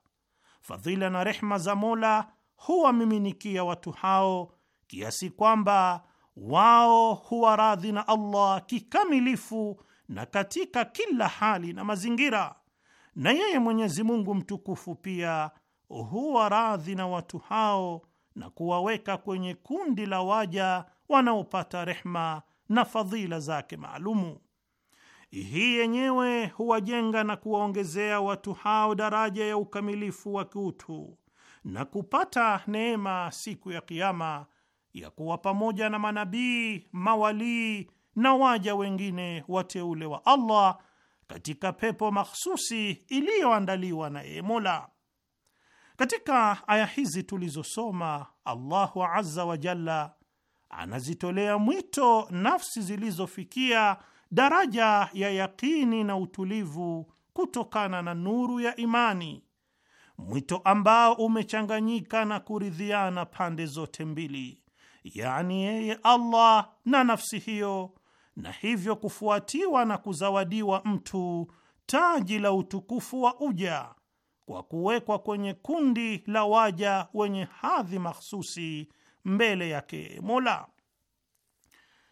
Fadhila na rehma za Mola huwamiminikia watu hao kiasi kwamba wao huwa radhi na Allah kikamilifu na katika kila hali na mazingira, na yeye Mwenyezi Mungu mtukufu pia huwa radhi na watu hao na kuwaweka kwenye kundi la waja wanaopata rehma na fadhila zake maalumu. Hii yenyewe huwajenga na kuwaongezea watu hao daraja ya ukamilifu wa kiutu na kupata neema siku ya Kiama ya kuwa pamoja na manabii, mawalii na waja wengine wateule wa Allah katika pepo mahsusi iliyoandaliwa na yeye Mola. Katika aya hizi tulizosoma, Allahu azza wa jalla anazitolea mwito nafsi zilizofikia daraja ya yakini na utulivu kutokana na nuru ya imani, mwito ambao umechanganyika na kuridhiana pande zote mbili, yaani yeye Allah na nafsi hiyo na hivyo kufuatiwa na kuzawadiwa mtu taji la utukufu wa uja kwa kuwekwa kwenye kundi la waja wenye hadhi mahsusi mbele yake Mola.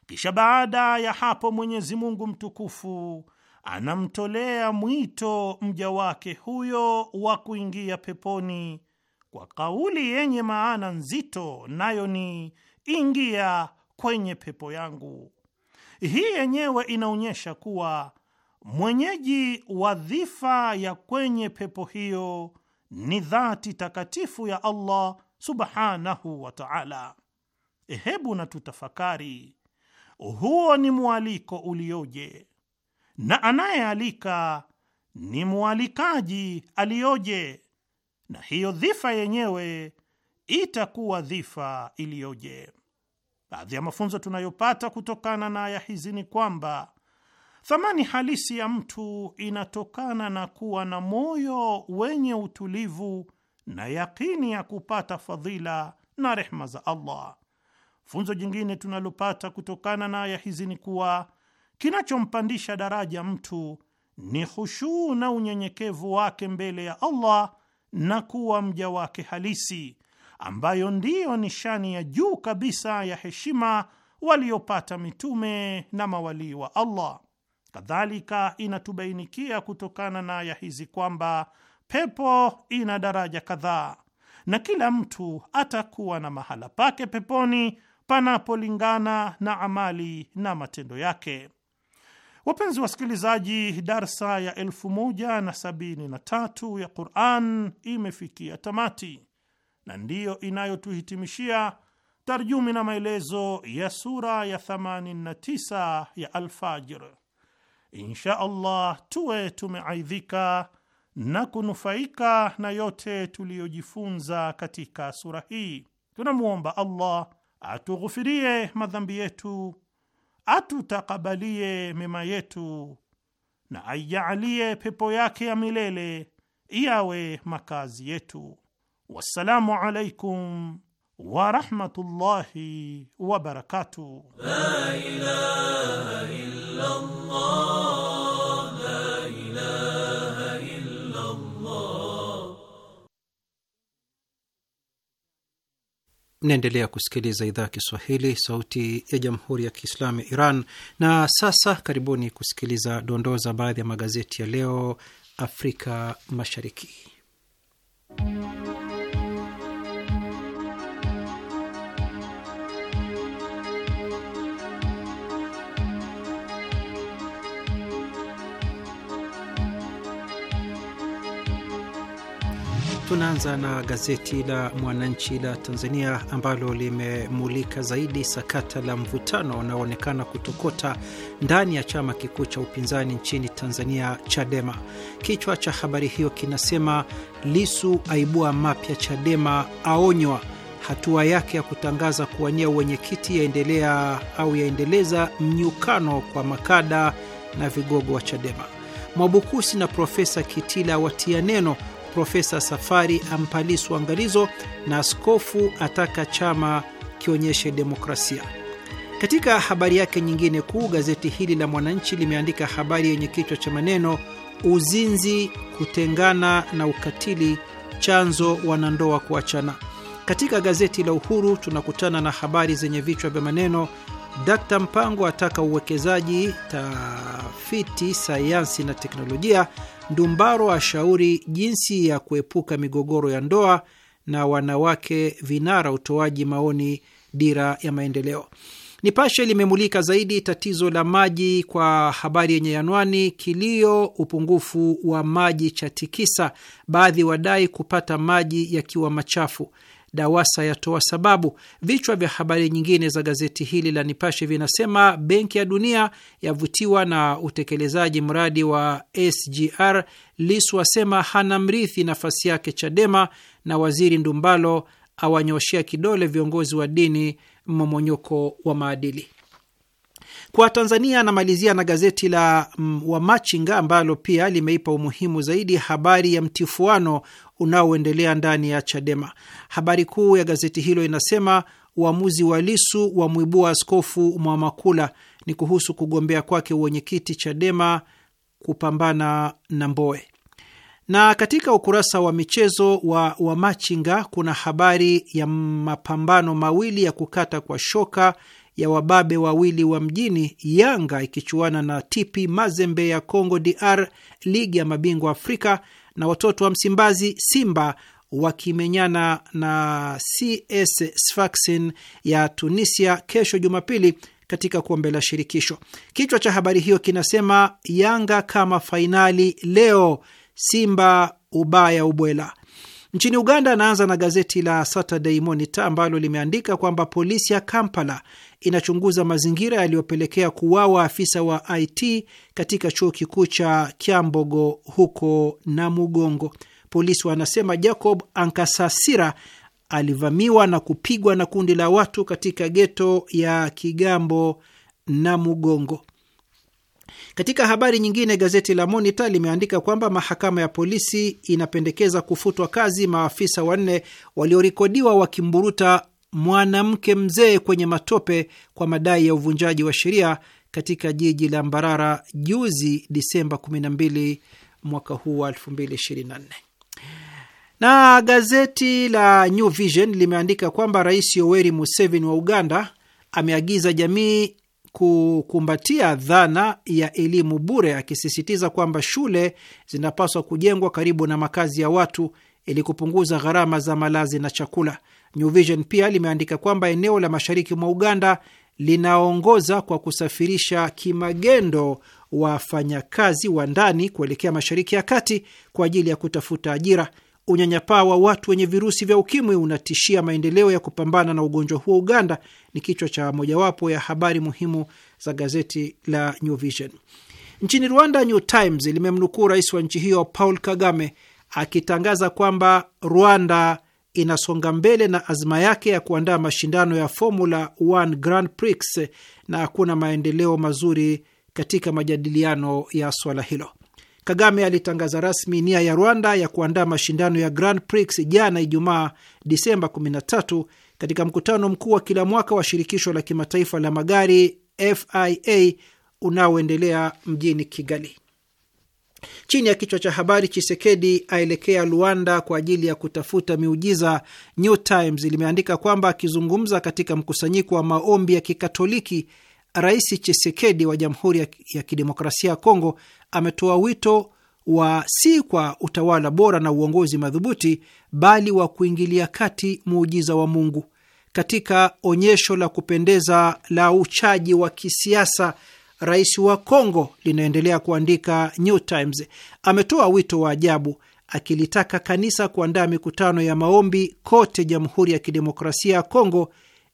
Kisha baada ya hapo Mwenyezi Mungu mtukufu anamtolea mwito mja wake huyo wa kuingia peponi kwa kauli yenye maana nzito, nayo ni ingia kwenye pepo yangu. Hii yenyewe inaonyesha kuwa mwenyeji wa dhifa ya kwenye pepo hiyo ni dhati takatifu ya Allah subhanahu wa ta'ala. Hebu na tutafakari, huo ni mwaliko ulioje! Na anayealika ni mwalikaji aliyoje! Na hiyo dhifa yenyewe itakuwa dhifa iliyoje! Baadhi ya mafunzo tunayopata kutokana na aya hizi ni kwamba thamani halisi ya mtu inatokana na kuwa na moyo wenye utulivu na yakini ya kupata fadhila na rehma za Allah. Funzo jingine tunalopata kutokana na aya hizi ni kuwa kinachompandisha daraja mtu ni hushuu na unyenyekevu wake mbele ya Allah na kuwa mja wake halisi ambayo ndiyo nishani ya juu kabisa ya heshima waliopata mitume na mawalii wa Allah. Kadhalika inatubainikia kutokana na aya hizi kwamba pepo ina daraja kadhaa na kila mtu atakuwa na mahala pake peponi panapolingana na amali na matendo yake. Wapenzi wasikilizaji, darsa ya elfu ya Quran imefikia tamati na ndiyo inayotuhitimishia tarjumi na maelezo ya sura ya 89 ya Alfajr. Insha Allah tuwe tumeaidhika na kunufaika na yote tuliyojifunza katika sura hii. Tunamwomba Allah atughufirie madhambi yetu, atutakabalie mema yetu, na aijaalie pepo yake ya milele iyawe makazi yetu. Wassalamu alaikum warahmatullahi wabarakatuh. naendelea Mnaendelea kusikiliza idhaa ya Kiswahili, sauti ya jamhuri ya kiislamu ya Iran. Na sasa karibuni kusikiliza dondoo za baadhi ya magazeti ya leo Afrika Mashariki. Tunaanza na gazeti la Mwananchi la Tanzania ambalo limemulika zaidi sakata la mvutano unaoonekana kutokota ndani ya chama kikuu cha upinzani nchini Tanzania, Chadema. Kichwa cha habari hiyo kinasema Lisu aibua mapya Chadema, aonywa hatua yake ya kutangaza kuwania uwenyekiti yaendelea au yaendeleza mnyukano kwa makada na vigogo wa Chadema. Mwabukusi na Profesa Kitila watia neno Profesa Safari ampalisu angalizo na askofu ataka chama kionyeshe demokrasia. Katika habari yake nyingine kuu, gazeti hili la Mwananchi limeandika habari yenye kichwa cha maneno uzinzi, kutengana na ukatili, chanzo wanandoa kuachana. Katika gazeti la Uhuru tunakutana na habari zenye vichwa vya maneno Dkt Mpango ataka uwekezaji tafiti, sayansi na teknolojia Ndumbaro ashauri jinsi ya kuepuka migogoro ya ndoa na wanawake vinara utoaji maoni dira ya maendeleo. Nipashe limemulika zaidi tatizo la maji kwa habari yenye anwani kilio upungufu wa maji cha tikisa, baadhi wadai kupata maji yakiwa machafu. DAWASA yatoa sababu. Vichwa vya habari nyingine za gazeti hili la Nipashe vinasema Benki ya Dunia yavutiwa na utekelezaji mradi wa SGR, Lisu asema hana mrithi nafasi yake Chadema, na Waziri Ndumbalo awanyoshea kidole viongozi wa dini mmomonyoko wa maadili kwa Tanzania. Anamalizia na gazeti la mm, Wamachinga ambalo pia limeipa umuhimu zaidi habari ya mtifuano unaoendelea ndani ya Chadema. Habari kuu ya gazeti hilo inasema uamuzi wa Lisu wamwibua Askofu Mwamakula ni kuhusu kugombea kwake uwenyekiti Chadema kupambana na Mboe. Na katika ukurasa wa michezo wa Wamachinga kuna habari ya mapambano mawili ya kukata kwa shoka ya wababe wawili wa mjini, Yanga ikichuana na TP Mazembe ya Congo DR, ligi ya mabingwa Afrika na watoto wa Msimbazi Simba wakimenyana na CS Sfaxien ya Tunisia kesho Jumapili katika kombe la shirikisho. Kichwa cha habari hiyo kinasema Yanga kama fainali leo, Simba ubaya ubwela. Nchini Uganda, anaanza na gazeti la Saturday Monitor ambalo limeandika kwamba polisi ya Kampala inachunguza mazingira yaliyopelekea kuuawa afisa wa IT katika chuo kikuu cha Kyambogo huko na mugongo Polisi wanasema Jacob Ankasasira alivamiwa na kupigwa na kundi la watu katika geto ya Kigambo na mugongo katika habari nyingine, gazeti la Monita limeandika kwamba mahakama ya polisi inapendekeza kufutwa kazi maafisa wanne waliorekodiwa wakimburuta mwanamke mzee kwenye matope kwa madai ya uvunjaji wa sheria katika jiji la Mbarara juzi Disemba 12 mwaka huu wa 2024. Na gazeti la New Vision limeandika kwamba Rais Yoweri Museveni wa Uganda ameagiza jamii kukumbatia dhana ya elimu bure, akisisitiza kwamba shule zinapaswa kujengwa karibu na makazi ya watu ili kupunguza gharama za malazi na chakula. New Vision pia limeandika kwamba eneo la mashariki mwa Uganda linaongoza kwa kusafirisha kimagendo wafanyakazi wa ndani kuelekea mashariki ya kati kwa ajili ya kutafuta ajira unyanyapaa wa watu wenye virusi vya ukimwi unatishia maendeleo ya kupambana na ugonjwa huo Uganda, ni kichwa cha mojawapo ya habari muhimu za gazeti la New Vision. Nchini Rwanda, New Times limemnukuu rais wa nchi hiyo Paul Kagame akitangaza kwamba Rwanda inasonga mbele na azma yake ya kuandaa mashindano ya Formula 1 Grand Prix na hakuna maendeleo mazuri katika majadiliano ya swala hilo. Kagame alitangaza rasmi nia ya Rwanda ya kuandaa mashindano ya Grand Prix jana Ijumaa, Disemba 13 katika mkutano mkuu wa kila mwaka wa shirikisho la kimataifa la magari FIA unaoendelea mjini Kigali. Chini ya kichwa cha habari Chisekedi aelekea Luanda kwa ajili ya kutafuta miujiza, New Times limeandika kwamba akizungumza katika mkusanyiko wa maombi ya Kikatoliki Rais Chisekedi wa Jamhuri ya Kidemokrasia ya Kongo ametoa wito wa si kwa utawala bora na uongozi madhubuti, bali wa kuingilia kati muujiza wa Mungu. Katika onyesho la kupendeza la uchaji wa kisiasa, rais wa Kongo, linaendelea kuandika New Times, ametoa wito wa ajabu akilitaka kanisa kuandaa mikutano ya maombi kote Jamhuri ya Kidemokrasia ya Kongo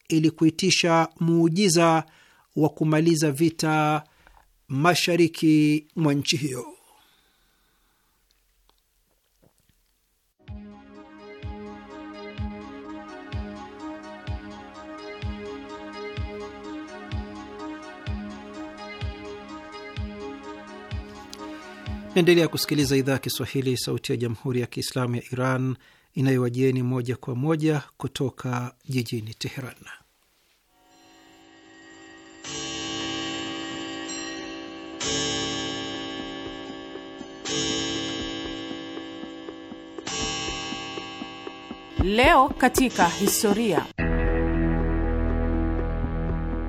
ili kuitisha muujiza wa kumaliza vita mashariki mwa nchi hiyo. Naendelea kusikiliza idhaa ya Kiswahili, sauti ya jamhuri ya kiislamu ya Iran inayowajieni moja kwa moja kutoka jijini Teheran. Leo katika historia.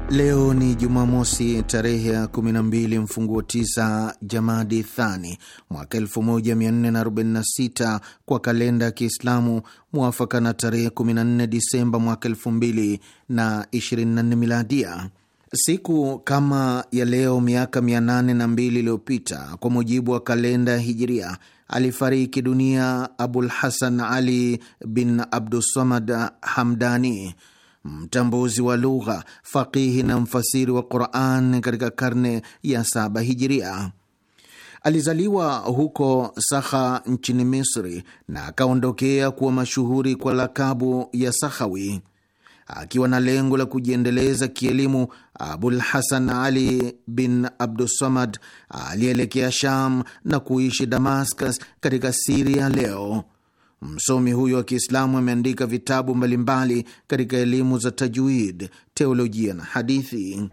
Leo ni Jumamosi, tarehe ya 12 mfunguo 9 Jamadi Thani mwaka 1446 kwa kalenda ya Kiislamu, mwafaka na tarehe 14 Disemba mwaka 2024 miladia. Siku kama ya leo miaka 802 iliyopita kwa mujibu wa kalenda ya Hijiria alifariki dunia Abul Hasan Ali bin Abdussamad Hamdani, mtambuzi wa lugha, faqihi na mfasiri wa Quran katika karne ya saba hijiria. Alizaliwa huko Sakha nchini Misri na akaondokea kuwa mashuhuri kwa lakabu ya Sakhawi akiwa na lengo la kujiendeleza kielimu, Abul Hasan Ali bin Abdussamad alielekea Sham na kuishi Damascus katika Siria leo. Msomi huyo wa Kiislamu ameandika vitabu mbalimbali katika elimu za tajwid, teolojia na hadithi.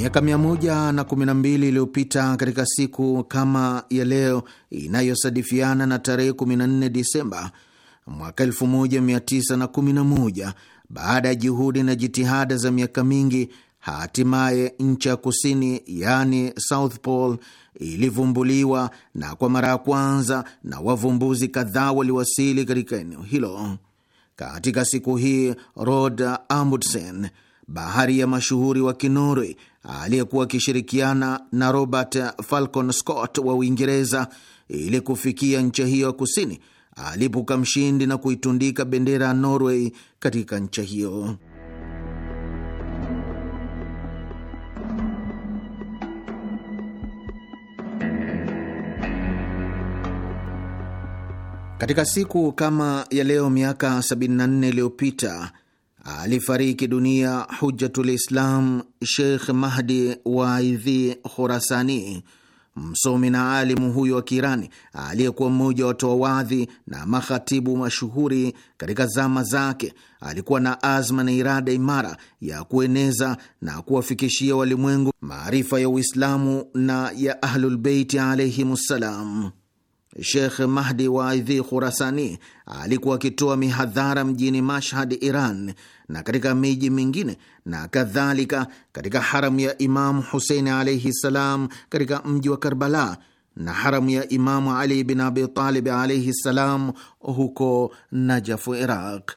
Miaka 112 iliyopita katika siku kama ya leo inayosadifiana na tarehe 14 Disemba mwaka 1911, baada ya juhudi na jitihada za miaka mingi, hatimaye nchi ya kusini yaani South Pole ilivumbuliwa na kwa mara ya kwanza, na wavumbuzi kadhaa waliwasili katika eneo hilo. Katika siku hii Roald Amundsen, bahari ya mashuhuri wa Kinorwe aliyekuwa akishirikiana na Robert Falcon Scott wa Uingereza ili kufikia ncha hiyo ya kusini, alipuka mshindi na kuitundika bendera ya Norway katika ncha hiyo. Katika siku kama ya leo miaka 74 iliyopita alifariki dunia Hujatul Islam Sheikh Mahdi Waidhi Khurasani, msomi na alimu huyo wa Kiirani aliyekuwa mmoja wa watoa wadhi na makhatibu mashuhuri katika zama zake. Alikuwa na azma na irada imara ya kueneza na kuwafikishia walimwengu maarifa ya Uislamu na ya Ahlulbeiti alaihimussalam. Shekh Mahdi wa Waidhi Khurasani alikuwa akitoa mihadhara mjini Mashhad, Iran, na katika miji mingine na kadhalika, katika haramu ya Imamu Husein alaihi ssalam katika mji wa Karbala na haramu ya Imamu Ali bin Abitalib alaihi ssalam huko Najafu, Iraq.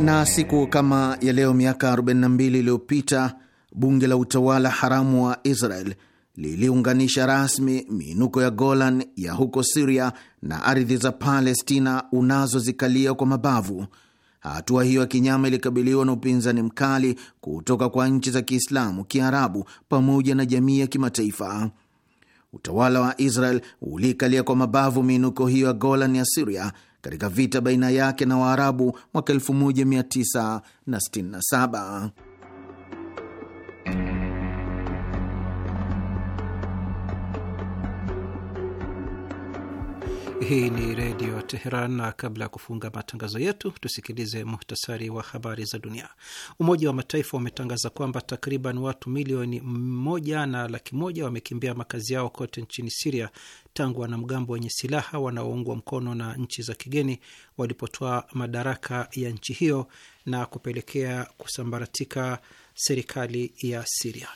Na siku kama ya leo miaka 42 iliyopita bunge la utawala haramu wa Israel liliunganisha rasmi miinuko ya Golan ya huko Siria na ardhi za Palestina unazozikalia kwa mabavu. Hatua hiyo ya kinyama ilikabiliwa na upinzani mkali kutoka kwa nchi za Kiislamu, Kiarabu pamoja na jamii ya kimataifa. Utawala wa Israel uliikalia kwa mabavu miinuko hiyo ya Golan ya Siria katika vita baina yake na Waarabu mwaka 1967. Hii ni Redio Teheran, na kabla ya kufunga matangazo yetu tusikilize muhtasari wa habari za dunia. Umoja wa Mataifa umetangaza kwamba takriban watu milioni moja na laki moja wamekimbia makazi yao kote nchini Siria tangu wanamgambo wenye silaha wanaoungwa mkono na nchi za kigeni walipotoa madaraka ya nchi hiyo na kupelekea kusambaratika serikali ya Siria.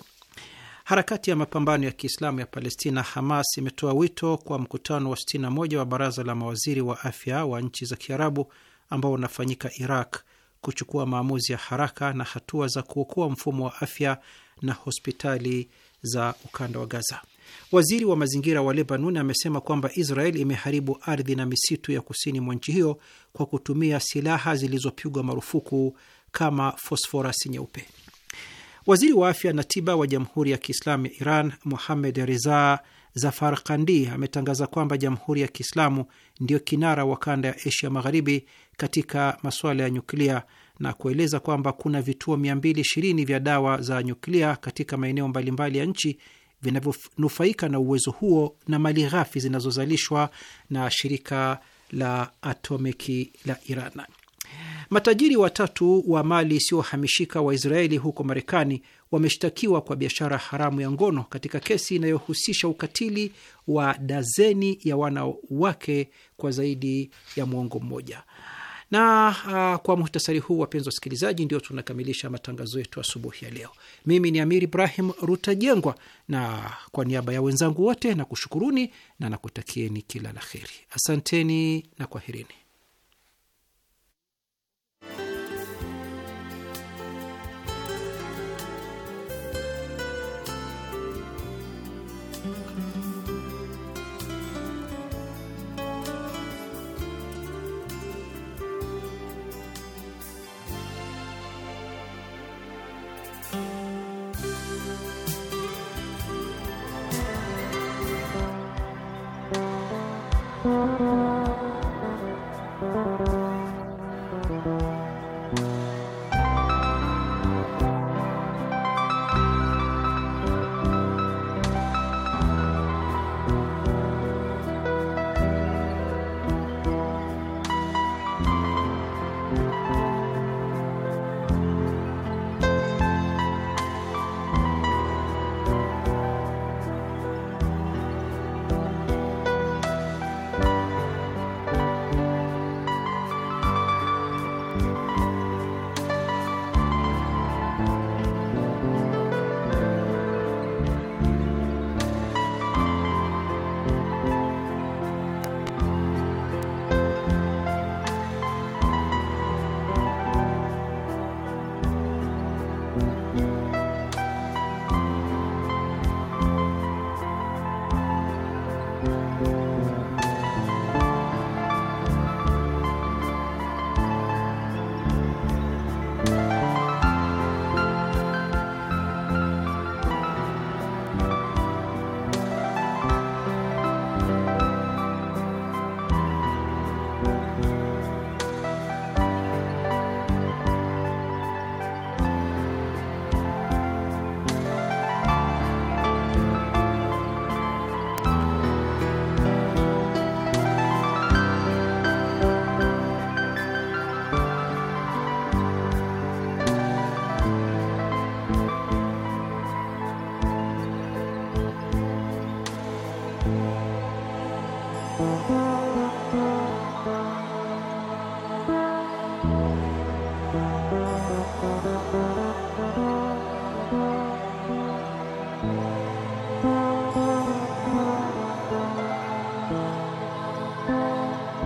Harakati ya mapambano ya Kiislamu ya Palestina, Hamas, imetoa wito kwa mkutano wa 61 wa baraza la mawaziri wa afya wa nchi za Kiarabu ambao unafanyika Iraq kuchukua maamuzi ya haraka na hatua za kuokoa mfumo wa afya na hospitali za ukanda wa Gaza. Waziri wa mazingira wa Lebanon amesema kwamba Israel imeharibu ardhi na misitu ya kusini mwa nchi hiyo kwa kutumia silaha zilizopigwa marufuku kama fosforasi nyeupe. Waziri wa afya na tiba wa Jamhuri ya Kiislamu ya Iran, Muhamed Reza Kandi, ametangaza kwamba Jamhuri ya Kiislamu ndiyo kinara wa kanda ya Asia Magharibi katika masuala ya nyuklia na kueleza kwamba kuna vituo 220 vya dawa za nyuklia katika maeneo mbalimbali ya nchi vinavyonufaika na uwezo huo na mali ghafi zinazozalishwa na shirika la atomiki la Iran. Matajiri watatu wa mali isiyohamishika wa Israeli huko Marekani wameshtakiwa kwa biashara haramu ya ngono katika kesi inayohusisha ukatili wa dazeni ya wanawake kwa zaidi ya mwongo mmoja. Na uh, kwa muhtasari huu, wapenzi wasikilizaji, ndio tunakamilisha matangazo yetu asubuhi ya leo. Mimi ni Amir Ibrahim Rutajengwa, na kwa niaba ya wenzangu wote nakushukuruni na nakutakieni kila la heri. Asanteni na kwaherini.